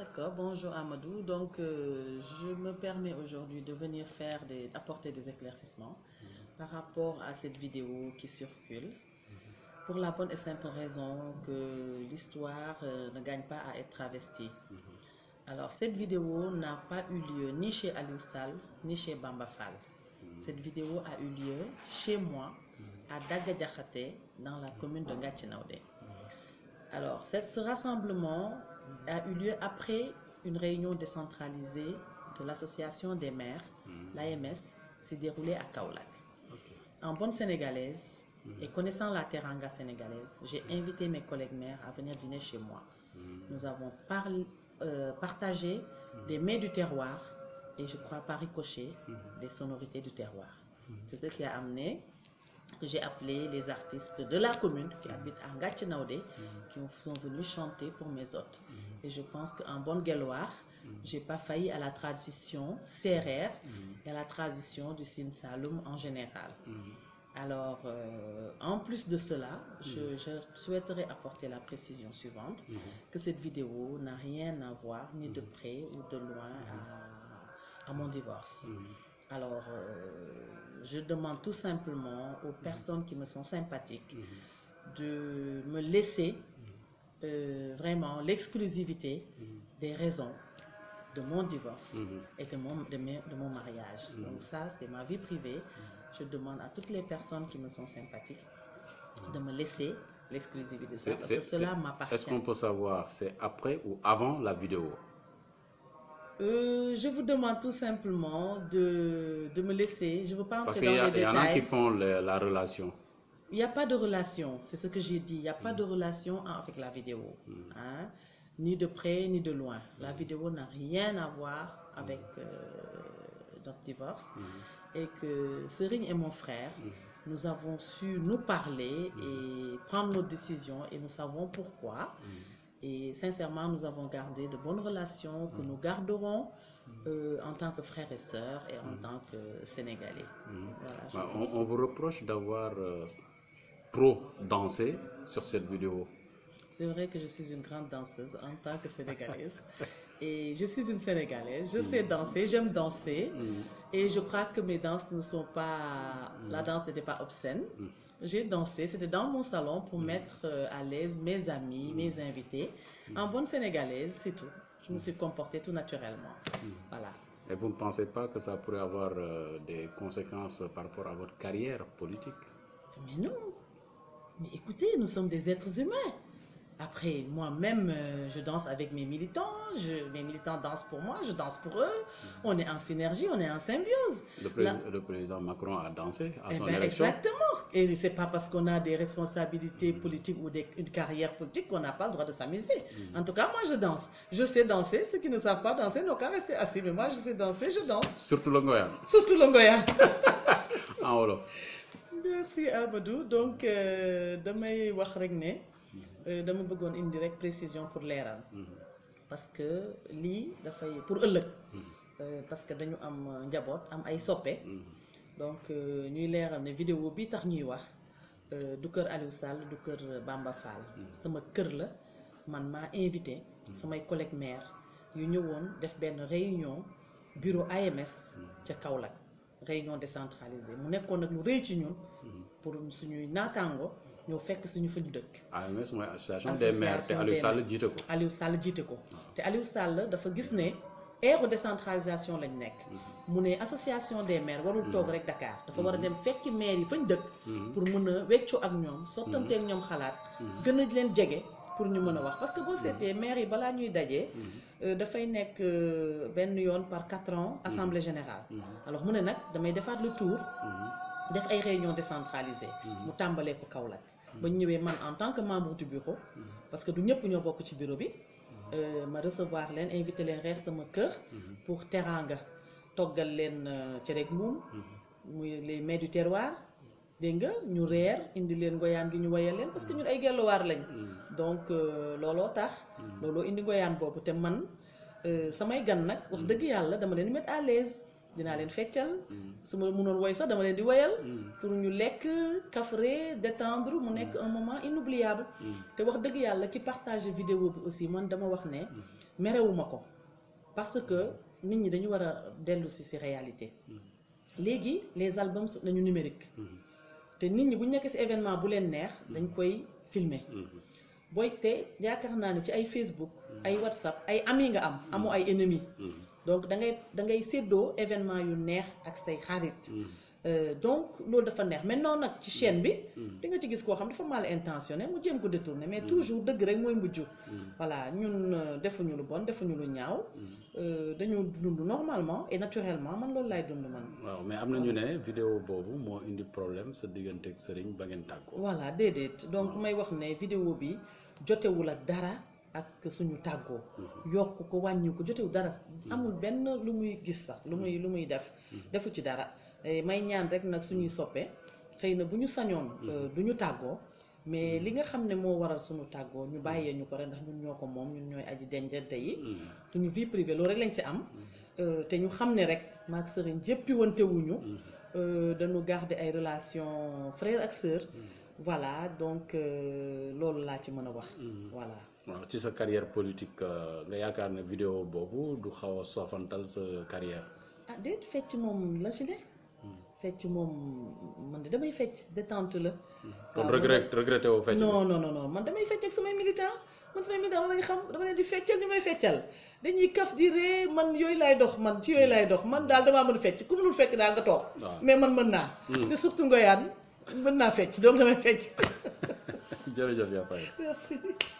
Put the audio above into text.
D'accord, bonjour Amadou. Donc, euh, je me permets aujourd'hui de venir faire des, apporter des éclaircissements mhm. par rapport à cette vidéo qui circule, mhm. pour la bonne et simple raison que l'histoire euh, ne gagne pas à être travestie. Mhm. Alors, cette vidéo n'a pas eu lieu ni chez Aliou Sal, ni chez Bamba Cette vidéo a eu lieu chez moi, à Dagadjakate, dans la commune de Gatchinaoudé. Alors, ce rassemblement a eu lieu après une réunion décentralisée de l'association des maires, mhm. l'AMS, s'est déroulée à Kaolack. En bonne sénégalaise mhm. et connaissant la teranga sénégalaise, j'ai mhm. invité mes collègues maires à venir dîner chez moi. Nous avons euh, partagé des mets du terroir et je crois par ricochet des sonorités du terroir. C'est ce qui a amené j'ai appelé les artistes de la commune qui habitent à Ngatchinaoudé, qui sont venus chanter pour mes hôtes. Mm-hmm. Et je pense qu'en bonne je mm-hmm. j'ai pas failli à la tradition CRR mm-hmm. et à la tradition du Sin Saloum en général. Alors, euh, en plus de cela, je, souhaiterais apporter la précision suivante, que cette vidéo n'a rien à voir, ni de près ou de loin, à mon divorce. Alors, euh, je demande tout simplement aux mhm. personnes qui me sont sympathiques mhm. de me laisser euh, vraiment l'exclusivité mhm. des raisons de mon divorce et de mon, mon mariage. Donc ça, c'est ma vie privée. Je demande à toutes les personnes qui me sont sympathiques de me laisser l'exclusivité de ça. Parce que cela m'appartient. Est-ce qu'on peut savoir, c'est après ou avant la vidéo euh, je vous demande tout simplement de, de me laisser. Je ne veux pas entrer dans les détails. Parce qu'il y en a qui font la relation. Il n'y a pas de relation, c'est ce que j'ai dit. Il n'y a pas mm. de relation avec la vidéo. Mm. Hein. Ni de près, ni de loin. La mm. vidéo n'a rien à voir avec euh, notre divorce. Et que Serine et mon frère, nous avons su nous parler et prendre nos décisions. Et nous savons pourquoi. Et sincèrement, nous avons gardé de bonnes relations que mm. nous garderons mm. euh, en tant que frères et sœurs et en mm. tant que Sénégalais. Bah, on, vous reproche d'avoir pro euh, trop dansé sur cette vidéo. C'est vrai que je suis une grande danseuse en tant que Sénégalaise. Et je suis une Sénégalaise, je sais danser, j'aime danser. Et je crois que mes danses ne sont pas... La danse n'était pas obscène. J'ai dansé, c'était dans mon salon pour mm. mettre euh, à l'aise mes amis, mm. mes invités. Mm. En bonne sénégalaise, c'est tout. Je me suis comportée tout naturellement. Voilà. Et vous ne pensez pas que ça pourrait avoir euh, des conséquences par rapport à votre carrière politique Mais non. Mais écoutez, nous sommes des êtres humains. Après, moi-même, euh, je danse avec mes militants, mes militants dansent pour moi, je danse pour eux. On est en synergie, on est en symbiose. Le, président Macron a dansé à eh son ben, élection. Exactement. Et ce n'est pas parce qu'on a des responsabilités politiques ou une carrière politique qu'on n'a pas le droit de s'amuser. Mm. En tout cas, moi, je danse. Je sais danser. Ceux qui ne savent pas danser n'ont qu'à rester assis. Mais moi, je sais danser, je danse. Surtout l'ongoya. Surtout l'ongoya. en Wolof. Merci, Abadou. Donc, euh, vais wax rek une euh, dama indi précision pour leeral. Mm-hmm. parce que pour mm-hmm. euh, parce que dañu am diabote, am ay isopé. Mm-hmm donc euh, ñuy leeral ne vidéo bi tax ñuy wax euh, du cœur Aliou Sall du cœur Bamba Fall hmm. sama cœur la man ma invité hmm. sama collègue maire ñu ñëwoon def benn réunion bureau AMS hmm. ci Kaolack réunion décentralisée mu nekkoon nak lu rëy ci ñun pour suñuy natango ñoo fekk suñu fa ñu dëkk. AMS moy association des maires te Aliou Sall jité ko. Aliou Sall jité ko té Aliou Sall dafa gis né ère décentralisation lañ nek mhm. mu association des maires warul tok mhm. rek Dakar dafa wara mhm. dem fekk maire yi fañ dëkk pour mëna wéccu ak ñom sotante ak ñom xalaat gën leen jege pour ñu mëna wax parce que bo seetee maire yi balaa ñuy da fay nek benn yoon par quatre ans assemblée générale alors mu nak damay defaat le tour def ay réunion décentralisée mu tambalé ko Kaolack ba ñu ñëwee man en tant que membre du bureau parce que du ñëpp ñoo bokk ci bureau bi euh, ma recevoir inviter mhm. euh, mhm. les rares à sama cœur pour teranga, togal les les du terroir. dengue mhm. indi parce que ñun ay donc euh, lolo tax. lolo indi te man samay gan nak wax à l'aise dinaa leen feccal mm. su ma mënoon woy sax dama leen di woyal mm. pour ñu lekk kafre détendre mu nekk mm. un moment inoubliable te wax dëgg yàlla ki partager vidéo bi aussi man dama wax ne merewuma ko parce que nit ñi dañu war a dellu si si réalité léegi les albums nañu numérique te nit ñi bu ñu nekkee si événement bu leen neex dañ koy filmer booy te yaakaar naa ne ci ay Facebook ay WhatsApp ay ami nga am amu ay ennemi donc da ngay da ngay séddoo événement yu neex ak say xarit. Mm. Euh, donc loolu dafa neex maintenant nak ci chaîne bi. Mm. Mm. di nga ci gis ko xam dafa mal intentionné mu jëm ko détourner mais toujours dëgg rek mooy mujj. voilà ñun euh, defuñu lu bon defuñu lu ñaaw. Euh, dañu dund normalement et naturellement man loolu lay dund man. waaw mais amna ñu né vidéo bobu mo indi problème sa diggante ak sëriñ ba ngeen takko voilà déedéet donc may wax né vidéo bi jotewul ak dara. ak suñu tàggoo yokk ko wàññi ko jotewu dara amul benn lu muy gis sax lu muy lu muy def defu ci dara eh, may ñaan rek nag suñuy soppee xëy na bu ñu sañoon mm-hmm. euh, du ñu tàggoo mais mm-hmm. li nga xam ne moo waral suñu tàggoo ñu bàyyee ñu ko rek ndax ñun ñoo ko moom ñun ñooy aji denjante yi mm-hmm. suñu vie privée loolu rek lañ si am euh, te ñu xam ne rek maag sëriñ jéppi wante wuñu euh, dañu garder ay relations frère ak sœur voilà donc loolu laa ci mën a wax voilà waaw ci sa carrière politique euh, nga yaakaar ne vidéo boobu du xaw a soofantal sa carrière ah déet fecc moom la ci de fecc moom man de damay fecc détente la hmm. kon regret regretté woo fecc non non non man damay fecc ak samay militant man samay militant di feccal ñu may feccal dañuy kaf di ree man yooyu laay man ci yooyu laay dox man daal damaa mën fecc ku mënul fecc daal nga toog mais man mën naa hmm. te surtout ngoyaan mën naa fecc donc damay fecc jërëjëf yaa Faye